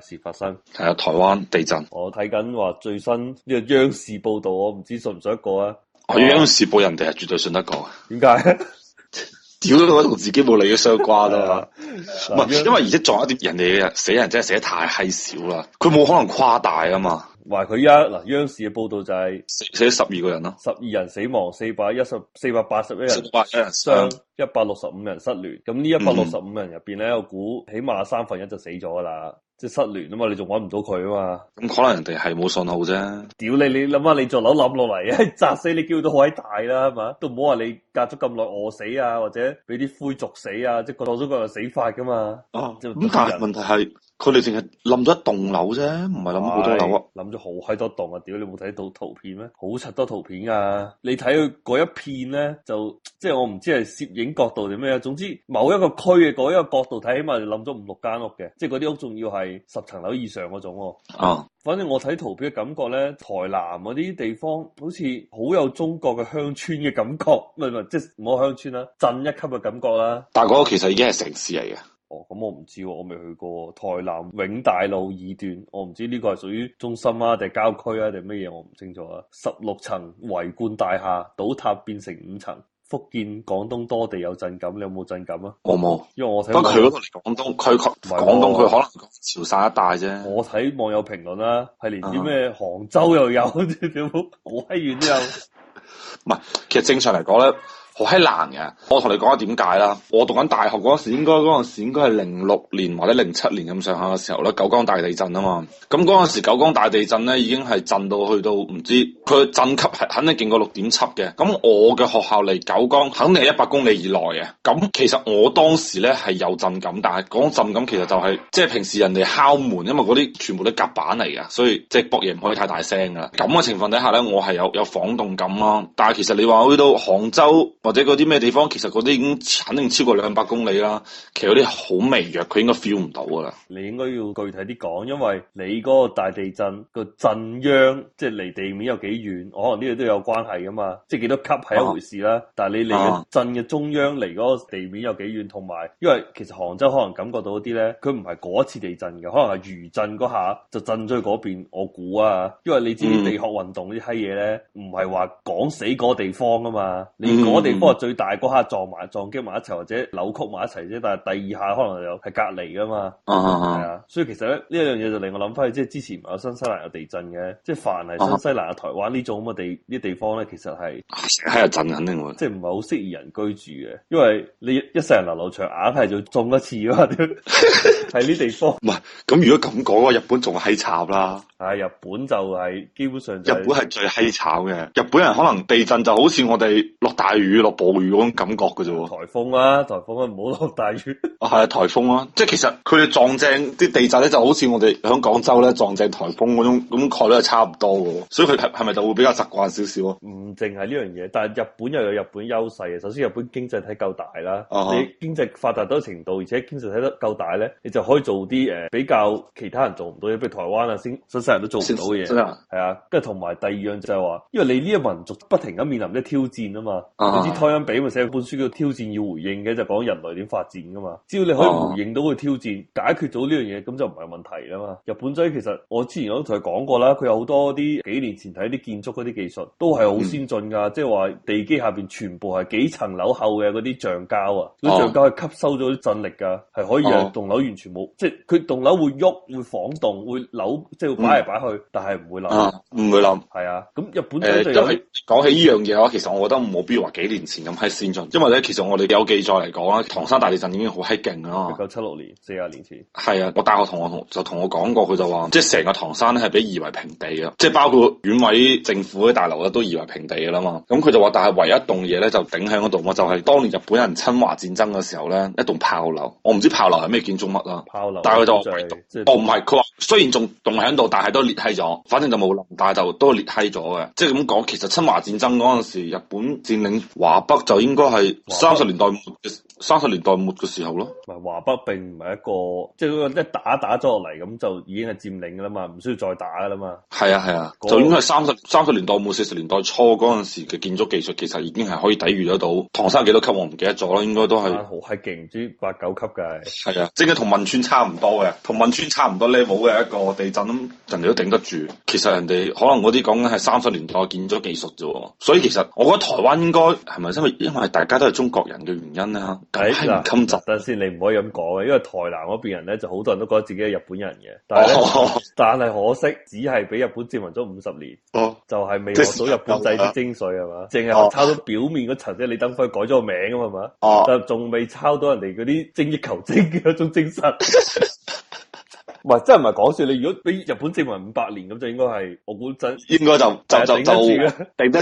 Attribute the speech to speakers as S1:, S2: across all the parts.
S1: 事發生
S2: 係啊，台灣地震。
S1: 我睇緊話最新呢個央視報道，我唔知信唔信得過
S2: 啊？我央視報人哋係絕對信得過，點解？屌都同自己冇利益相關啊嘛！唔係，因為而且撞一啲人哋嘅死人，真係死得太閪少啦。佢冇可能誇大啊嘛。
S1: 話佢一嗱央視嘅報道就
S2: 係死死咗十二個人咯，
S1: 十二人死亡，四百一十四百八十一人，四百一人傷，一百六十五人失聯。咁呢一百六十五人入邊咧，我估起碼三分一就死咗啦。即係失聯啊嘛，你仲搵唔到佢啊嘛？
S2: 咁可能人哋係冇信號啫。
S1: 屌你，你諗下你座樓冧落嚟，砸死你叫都好閪大啦，係嘛？都唔好話你隔咗咁耐餓死啊，或者俾啲灰族死啊，即係多咗個死法噶嘛。哦、啊，咁但係問題係。
S2: 佢哋淨係冧咗一棟樓啫，唔係冧好多樓啊！冧咗好閪多棟啊！屌，
S1: 你冇睇到圖片咩？好柒多圖片啊！你睇佢嗰一片咧，就即係我唔知係攝影角度定咩啊？總之某一個區嘅嗰一個角度睇，起碼冧咗五六間屋嘅，即係嗰啲屋仲要係十層樓以上嗰種喎、啊。啊，反正我睇圖片嘅感覺咧，台南嗰啲地方好似好有中國嘅鄉村嘅感覺，唔係唔係，即係唔好鄉村啦，鎮一級嘅感覺啦。但係嗰個其實已經係城市嚟嘅。哦，咁我唔知，我未去過台南永大路二段，我唔知呢個係屬於中心啊，定郊區啊，定咩嘢，我唔清楚啊。十六層維冠大廈倒塌變成五層，福建、廣東多地有震感，你有冇震感啊？我冇沒，因為我睇不過佢嗰個嚟廣東，佢廣廣東佢可能潮汕一帶啫、嗯。 我睇網友評論啦，係連啲咩杭州又有，點好好閪遠都有。
S2: 唔係，其實正常嚟講咧。好閪難嘅，我同你講下點解啦。我讀緊大學嗰時應，應該嗰陣時應該係零六年或者零七年咁上下嘅時候啦。九江大地震啊嘛，咁嗰陣時九江大地震咧已經係震到去到唔知，佢震級係肯定勁過六點七嘅。咁我嘅學校離九江肯定係一百公里以內嘅。咁其實我當時咧係有震感，但係講震感其實就係即係平時人哋敲門，因為嗰啲全部都夾板嚟嘅，所以即係搏嘢唔可以太大聲㗎喇。咁嘅情況底下咧，我係有有晃動感咯、啊。但係其實你話去到杭州，或者嗰啲咩地方，其實嗰啲已經肯定超過兩百公里啦。其實嗰啲好微弱，佢應該 feel 唔到噶啦。
S1: 你應該要具體啲講，因為你嗰個大地震個震央，即係離地面有幾遠，我可能呢度都有關係噶嘛。即係幾多級係一回事啦。啊、但係你離震嘅中央離嗰個地面有幾遠同埋、啊、因為其實杭州可能感覺到嗰啲咧，佢唔係嗰一次地震嘅，可能係餘震嗰下就震咗去嗰邊，我估啊，因為你知你地殼運動呢啲閪嘢咧，唔係話講死個地方啊嘛，嗯、你地。不過最大嗰下撞埋撞擊埋一齊或者扭曲埋一齊啫，但係第二下可能有係隔離噶嘛。哦、啊，啊，所以其實咧呢一樣嘢就令我諗翻，即係之前唔係新西蘭有地震嘅，即係凡係新西蘭啊、台灣呢種咁嘅地啲地方咧，其實係喺度震，肯定會。即係唔係好適宜人居住嘅，因為你一世人流流長硬係要中一次㗎嘛。呢 地
S2: 方唔係咁，如果咁講嘅話，日本仲閪慘啦。
S1: 日本就係、是、基本上、就是、日本係最閪
S2: 慘嘅，日本人可能地震就好似我哋落大雨暴雨嗰種感覺嘅啫喎，台
S1: 風啦，台風啊，唔好落大雨。
S2: 啊，係啊，台風啊，即係其實佢哋撞正啲地震咧，就好似我哋喺廣州咧撞正台風嗰種咁概率係差唔多嘅。所以佢係咪就會比較習慣少少啊？
S1: 唔淨係呢樣嘢，但係日本又有日本優勢嘅。首先，日本經濟體夠大啦，uh huh. 你經濟發達到程度，而且經濟體得夠大咧，你就可以做啲誒比較其他人做唔到嘢，譬如台灣啊，先新西人都做唔到嘢，真係？係啊。跟住同埋第二樣就係話，因為你呢一民族不停咁面臨啲挑戰啊嘛。Uh huh. 台英比咪寫本書叫挑戰要回應嘅，就講人類點發展噶嘛。只要你可以回應到個挑戰，啊、解決到呢樣嘢，咁就唔係問題啦嘛。日本仔其實我之前我都同佢講過啦，佢有好多啲幾年前睇啲建築嗰啲技術都係好先進噶，即係話地基下邊全部係幾層樓厚嘅嗰啲橡膠啊，嗰啲橡膠係吸收咗啲震力噶，係、啊、可以讓棟樓完全冇，啊、即係佢棟樓會喐會晃動會扭，嗯、即係擺嚟擺去，但係唔會冧，唔
S2: 會冧。係啊，咁、嗯啊、日本仔即係講起呢樣嘢啊，其實我覺得冇必要話幾年。年前咁係先進，因為咧其實我哋有記載嚟講啦，唐山大地震已經好閪勁啦。一九七六年，四廿年前。係啊，我大學同學同就同我講過，佢就話即係成個唐山咧係被夷為平地啊，即係包括縣委政府嗰啲大樓咧都夷為平地噶啦嘛。咁佢就話，但係唯一棟嘢咧就頂喺嗰度，我就係、是、當年日本人侵華戰爭嘅時候咧，一棟炮樓。我唔知炮樓係咩建築物啊，炮樓、啊。但係佢就哦，唔係，佢話雖然仲棟喺度，但係都裂閪咗。反正就冇但係就都裂閪咗嘅。即係咁講，其實侵華戰爭嗰陣時，日本佔領華北就應該，係三十年代末嘅。三十年代末嘅時候咯，
S1: 華北並唔係一個，即係嗰個一打打咗落嚟咁就已經係佔領噶啦嘛，唔需要再打噶啦嘛。
S2: 係啊係啊，係啊嗰個、就應該係三十三十年代末、四十年代初嗰陣時嘅建築技術其實已經係可以抵禦得到。唐山幾多級我唔記得咗啦，應該都係係勁啲八九級嘅。係啊，即係同汶川差唔多嘅，同汶川差唔多 level 嘅一個地震，人哋都頂得住。其實人哋可能嗰啲講緊係三十年代建築技術啫喎，所以其實我覺得台灣應該係咪因為因為大家都係中國人嘅原因咧、啊？睇嗱，襟
S1: 閘先，是你唔可以咁講嘅，因為台南嗰邊人咧，就好多人都覺得自己係日本人嘅。但係、哦、可惜，只係俾日本殖民咗五十年，哦、就係未學到日本製嘅精髓係嘛？淨係、哦、抄到表面嗰層啫。你等佢改咗個名啊嘛，係嘛哦、就仲未抄到人哋嗰啲精益求精嘅一種精神。喂、哦， 真係唔係講笑。你如果俾日本殖民五百年咁，就應該係我估真，應該就就就就
S2: 頂得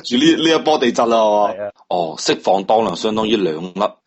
S2: 住呢？呢一,一波地震啦，係啊，哦，釋放當量相當於兩粒。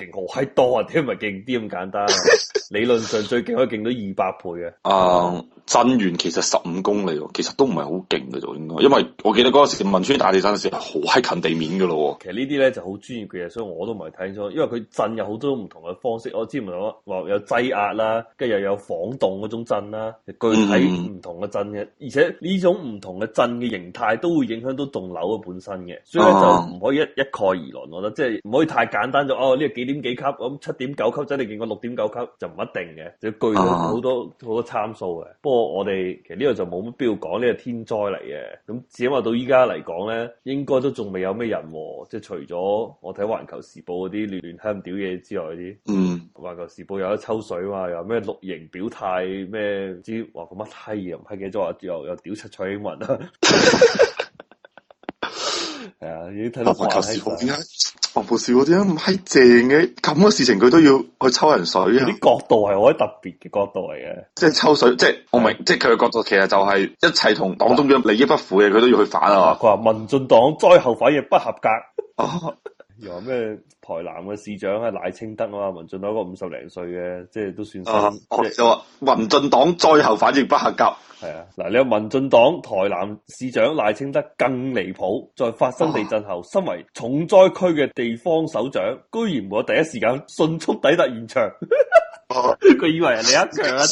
S1: 勁好閪多啊，點解唔係勁啲咁簡單？ 理論上最勁可以勁到二百倍嘅。
S2: 啊，震源其實十五公里，其實都唔係好勁嘅，就應該。因為我記得嗰個時汶川大地震嗰時係好閪近地面噶咯。其實這些
S1: 呢啲咧就好專業嘅嘢，所以我都唔係睇清楚。因為佢震有好多唔同嘅方式，我之前話話有擠壓啦，跟住又有晃動嗰種震啦，具體唔同嘅震嘅，嗯、而且呢種唔同嘅震嘅形態都會影響到棟樓嘅本身嘅，所以咧就唔可以一、啊、一概而論，我覺得即係唔可以太簡單就哦呢個幾。點幾級咁？七點九級真係見過六點九級就唔一定嘅，即係具好多好、uh huh. 多參數嘅。不過我哋其實呢度就冇乜必要講呢個天災嚟嘅。咁只因為到依家嚟講咧，應該都仲未有咩人和，即係除咗我睇環球時報嗰啲亂亂香屌嘢之外啲。嗯、uh，環、huh. 球時報有得抽水嘛？又咩綠營表態咩？唔知話個乜閪人閪多之後又又屌出蔡英文啊！係啊，已經睇到環球時 黃布士點解唔係咁正嘅，咁嘅事情佢都要去抽人水啊！啲角度係我覺得特別嘅角度嚟
S2: 嘅，即係抽水，即係我明，是的 即係佢嘅角度，其實就係一切同黨中央利益不符嘅，佢都要去反啊！佢話民進黨災後反應不合格。哦。
S1: 又話咩台南嘅市長係賴清德啊嘛，民進黨一個五十零歲嘅，即係都算新。就話民進黨災後反應不合格。係啊，嗱，你話民進黨台南市長賴清德更離譜，在發生地震後，身為重災區嘅地方首長，啊、居然冇第一時間迅速抵達現場。
S2: 佢 以為你一強、啊，而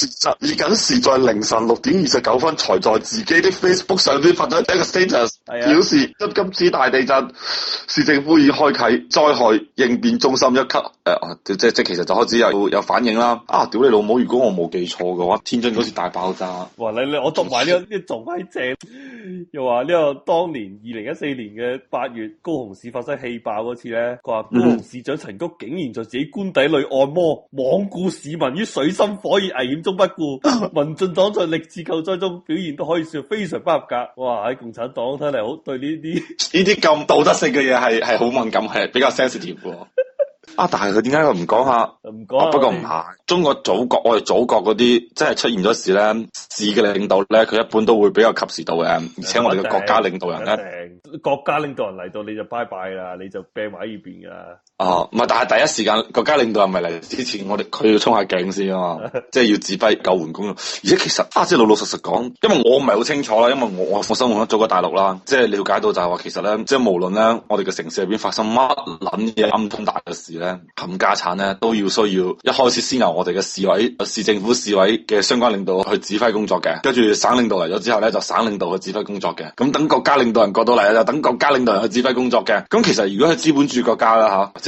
S2: 緊時,時在凌晨六點二十九分，才在自己的 Facebook 上邊發咗一個 status，、啊、表示今次大地震，市政府已開啟災害應變中心一級。誒、呃，即即,即其實就開始有有反應啦。啊，屌你老母！如果我冇記錯嘅話，天津嗰次大爆炸，哇你你我
S1: 讀埋呢呢，仲係 正，又話呢個當年二零一四年嘅八月高雄市發生氣爆嗰次咧，佢話高雄市長陳菊竟然在自己官邸裡按摩，罔顧市。市民於水深火熱危險中不顧，民進黨在歷次救災中表現都可以說非常不合格。哇！喺共產黨睇嚟，好對呢啲呢
S2: 啲咁道德性嘅嘢係係好敏感，係比較 sensitive 啊！但係佢點解佢唔講下？唔
S1: 講。不過唔係，
S2: 中國祖國我哋祖國嗰啲，即係出現咗事咧，市嘅領導咧，佢一般都會比較及時到嘅。而且我哋嘅國家領導人咧，
S1: 國家領導人嚟到你就拜拜啦，你就病喺呢邊㗎。
S2: 啊，唔係，但係第一時間國家領導人咪嚟之前，我哋佢要衝下鏡先啊嘛，即係要指揮救援工作。而且其實，啊、即係老老實實講，因為我唔係好清楚啦，因為我我生活咗做過大陸啦，即係了解到就係話，其實咧，即係無論咧，我哋嘅城市入邊發生乜捻嘢諗通大嘅事咧，冚家產咧都要需要一開始先由我哋嘅市委、市政府、市委嘅相關領導去指揮工作嘅，跟住省領導嚟咗之後咧，就省領導去指揮工作嘅。咁等國家領導人過到嚟就等國家領導人去指揮工作嘅。咁其實如果係資本主義國家啦，吓。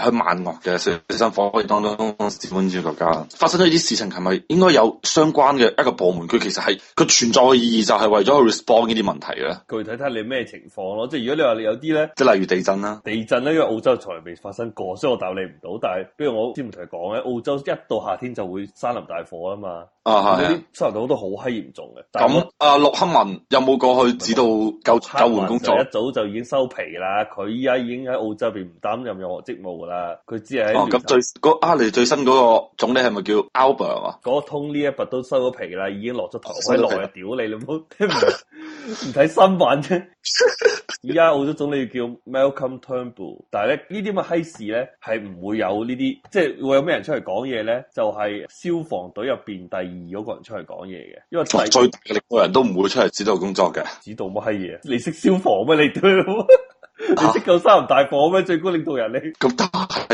S2: 去萬惡嘅，死死身火可以當中，治本之國家。發生咗呢啲事情，係咪應該有相關嘅一個部門？佢其實係佢存在嘅意義，就係為咗 respond 呢啲問題咧。
S1: 具體睇下你咩情況咯。即係如果你話你有啲咧，即係
S2: 例如地震啦，
S1: 地震咧，因為澳洲從來未發生過，所以我答你唔到。但係不如我先唔同你講咧，澳洲一到夏天就會山林大火啊嘛。啊，係。呢啲山林大火都好閪嚴重嘅。咁
S2: 啊，陸、呃、克文有冇過去指導救克救，救援工作？實一
S1: 早就已經收皮啦。佢依家已經喺澳洲邊唔擔任任何職務。啦，
S2: 佢只係咁最、嗰個、啊，你最新嗰個總理係咪叫 Albert 啊？嗰
S1: 個 Tony，呢一撥都收咗皮啦，已經落咗台，喺耐啊！屌你，你唔唔睇新版啫？依家 澳洲總理叫 Malcolm Turnbull，但係咧呢啲咁嘅閪事咧，係唔會有呢啲，即、就、係、是、會有咩人出嚟講嘢咧？就係、是、消防隊入邊第二嗰個人出嚟講嘢嘅，
S2: 因為最大嘅力，個人都唔會出嚟指導工作嘅，指
S1: 導乜閪嘢？你識消防咩？你對？啊、你識夠三唔大火咩？最高領導人你
S2: 咁係、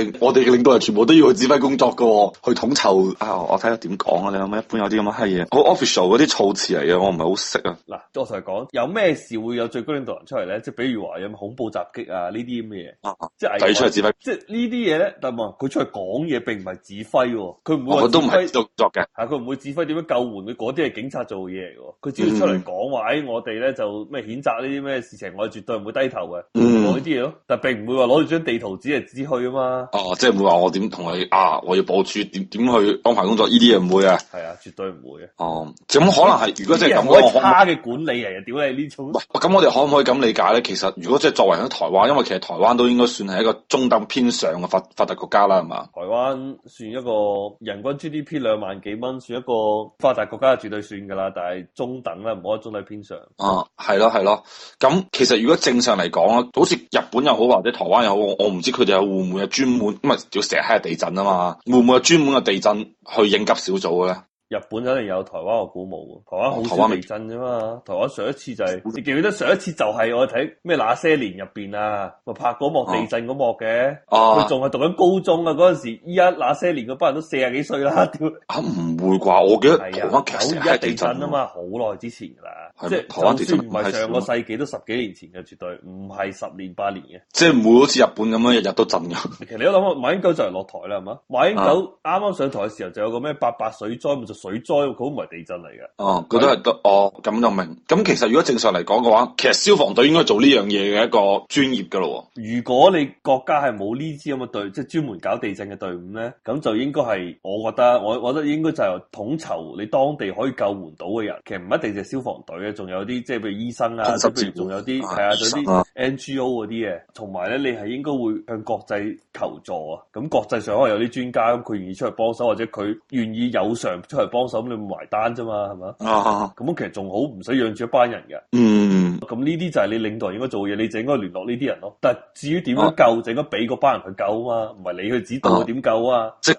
S2: 啊、我哋嘅領導人，全部都要去指揮工作噶、哦，去統籌啊！我睇下點講啊，你諗下，一般有啲咁嘅黑嘢，好 official 嗰啲措辭嚟嘅，我唔係好識啊。嗱，
S1: 多同你講，有咩事會有最高領導人出嚟咧？即係比如話有恐怖襲擊啊、啊呢啲咁嘅嘢。即係。佢出嚟指揮。即係呢啲嘢咧，但係佢出嚟講嘢並唔係指揮、哦，佢唔會。我、啊、都唔係做作嘅。吓、啊，佢唔會指揮點樣救援，佢嗰啲係警察做嘢嚟噶。佢只要出嚟講話，誒、嗯，我哋咧就咩譴責呢啲咩事情，我哋絕對唔會低頭嘅。嗯攞啲嘢咯，但並唔會話攞住張地圖紙係指去啊嘛。
S2: 哦，即係唔會話我點同你啊，我要部署點點去安排工作？呢啲嘢唔會啊。
S1: 係啊，絕對唔會啊！哦，
S2: 咁可能係如果即係咁，我可差
S1: 嘅管理嚟啊，屌你呢種。
S2: 咁我哋可唔可以咁理解咧？其實如果即係作為喺台灣，因為其實台灣都應該算係一個中等偏上嘅發發達國家啦，係嘛？
S1: 台灣算一個人均 GDP 兩萬幾蚊，算一個發達國家絕對算噶啦，但係中等啦，唔可以中等偏上。啊、
S2: 嗯，係咯係咯。咁、嗯、其實如果正常嚟講咧，日本又好或者台灣又好，我唔知佢哋有會唔會有專門咁啊？因為成日喺地震啊嘛，會唔會有專門嘅地震去應急小組嘅咧？
S1: 日本肯定有，台灣我估冇喎，台灣好少地震啫嘛，台灣，台灣上一次就係、是、你記唔記得上一次就係我睇咩那些年入邊啊，拍嗰幕地震嗰幕嘅，佢仲係讀緊高中啊嗰陣時，依家那些年嗰班人都四十幾歲啦，嚇唔、啊、
S2: 會啩、啊？我記得台啊，劇好似係地震啊
S1: 嘛，好耐之前啦，即係台灣地震唔係上個世紀都十幾年前嘅，絕對唔係十年八年嘅，
S2: 即係唔會好似日本咁樣日日都震嘅。
S1: 其實你都諗下，馬英九就嚟落台啦，係嘛？馬英九啱啱上台嘅時候就有個咩八八水災水災佢唔係地震嚟嘅，哦、
S2: 嗯，佢是都係得哦，咁就明。咁其實如果正常嚟講嘅話，其實消防隊應該做呢樣嘢嘅一個專業嘅咯。
S1: 如果你國家係冇呢支咁嘅隊，即、就、係、是、專門搞地震嘅隊伍咧，咁就應該係我覺得我，我覺得應該就係統籌你當地可以救援到嘅人。其實唔一定係消防隊嘅，仲有啲即係譬如醫生啊，仲有啲係啊，啲、哎、呀 N G O 嗰啲嘢。同埋咧你係應該會向國際求助啊。咁國際上可能有啲專家，佢願意出去幫手，或者佢願意有償出去。幫手咁你埋單啫嘛，係嘛？咁、啊、其實仲好，唔使養住一班人嘅。嗯咁呢啲就係你領導應該做嘢，你就應該聯絡呢啲人咯。但係至於點樣救，就應該俾嗰班人去救啊嘛，唔係你去指導佢點救啊。
S2: 即係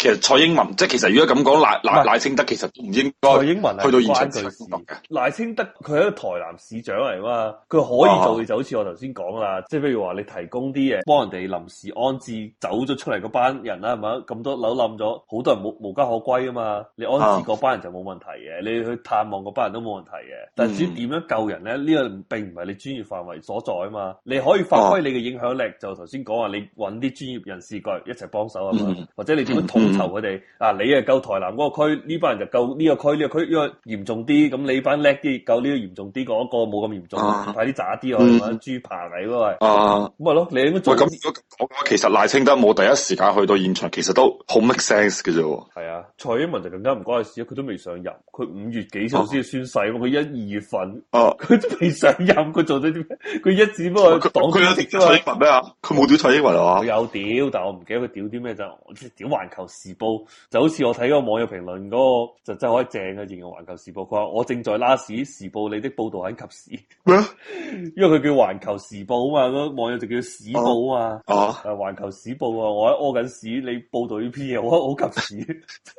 S2: 其實蔡英文，即係其實如果咁講賴賴賴清德，其實都唔應該英文去到現場支持。
S1: 賴清德佢係一個台南市長嚟嘛，佢可以做嘅就好似我頭先講啦，即係譬如話你提供啲嘢幫人哋臨時安置走咗出嚟嗰班人啦，係咪？咁多樓冧咗，好多人冇冇家可歸啊嘛，你安置嗰班人就冇問題嘅，你去探望嗰班人都冇問題嘅。但係至於點樣救人咧，呢個並唔係你專業範圍所在啊嘛，你可以發揮你嘅影響力，就頭先講話你搵啲專業人士過嚟一齊幫手啊嘛，嗯、或者你點樣統籌佢哋啊，你啊救台南嗰個區，呢班人就救呢個區，呢、這個區要嚴重啲，咁你班叻啲救呢個嚴重啲，嗰、那個冇咁嚴重，快啲炸啲我諗豬扒嚟嗰啊，
S2: 咁咪咯，你咁如果講其實賴清德冇第一時間去到現場，其實都好 make sense 嘅啫喎。
S1: 蔡英文就更加唔關事，佢都未上任，佢五月幾號先宣誓，佢一二月份，
S2: 佢、啊、都未
S1: 上任，佢做咗啲咩？佢一只不過擋佢一條蔡英文咩啊？佢冇屌蔡英文啊？有屌，但係我唔記得佢屌啲咩，就我屌環球時報，就好似我睇嗰個網友評論嗰個，就真係可以正嘅，形容環球時報。佢話我正在拉屎，時報你的報道很及時。麼因為佢叫環球時報啊嘛，那個網友就叫屎報啊嘛。啊，環球屎報啊！我喺屙緊屎，你報道呢篇嘢，我覺得好及時。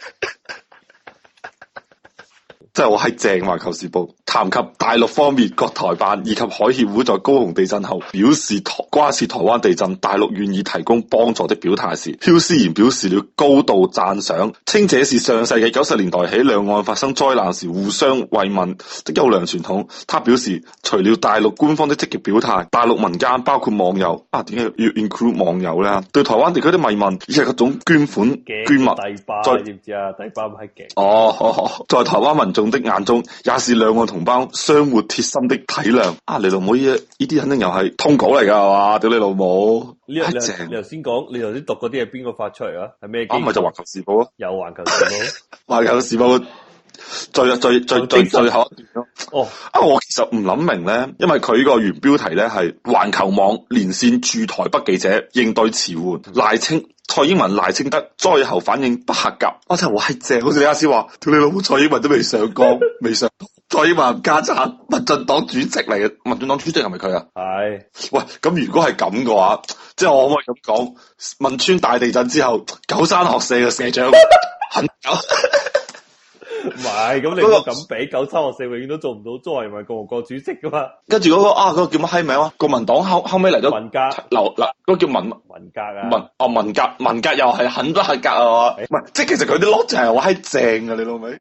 S2: 即係我係正話環球時報。談及大陸方面各台辦以及海協會在高雄地震後表示關涉台灣地震，大陸願意提供幫助的表態時，邱思賢表示了高度讚賞，稱這是上世紀九十年代起兩岸發生災難時互相慰問的優良傳統。他表示，除了大陸官方的積極表態，大陸民間包括網友啊，點解要 include 網友啦？對台灣地區的慰問，以係各種捐款嘅捐物，在知唔
S1: 知第八批
S2: 嘅，哦，在台灣民眾的眼中，也是兩岸同。包相活貼心的體諒啊！你老母呢依啲肯定又係通稿嚟噶係嘛？屌，你老母係正
S1: 你。你頭先講，你頭先讀嗰啲係邊個發出嚟啊？係咩？咁咪就環球
S2: 時報咯。有環球時報，環球， 球時報最最最最，最最後哦。啊，我其實唔諗明咧，因為佢個原標題咧係環球網連線駐台北記者應對遲緩賴清蔡英文賴清德災後反應不合格。嗯、我真係好正，好似你啱先話，屌，你老母蔡英文都未上綱，未 上過。所以話家就民進黨主席嚟嘅，民進黨主席係咪佢啊？係。是的 喂，咁如果係咁嘅話，即係我可唔可以咁講？汶川大地震之後，九三學社嘅社長很。唔係，
S1: 咁你冇咁俾九三學社永遠都做唔到，作為咪個、嗰個主席噶嘛？
S2: 跟住嗰個啊，嗰個叫乜閪名啊？國民黨後後尾嚟咗民革劉嗱，嗰、嗰個叫民民革啊文，民啊民革，民革又係很是的 不合格啊！唔係， 即係其實佢啲邏輯就係我閪正啊，你老味。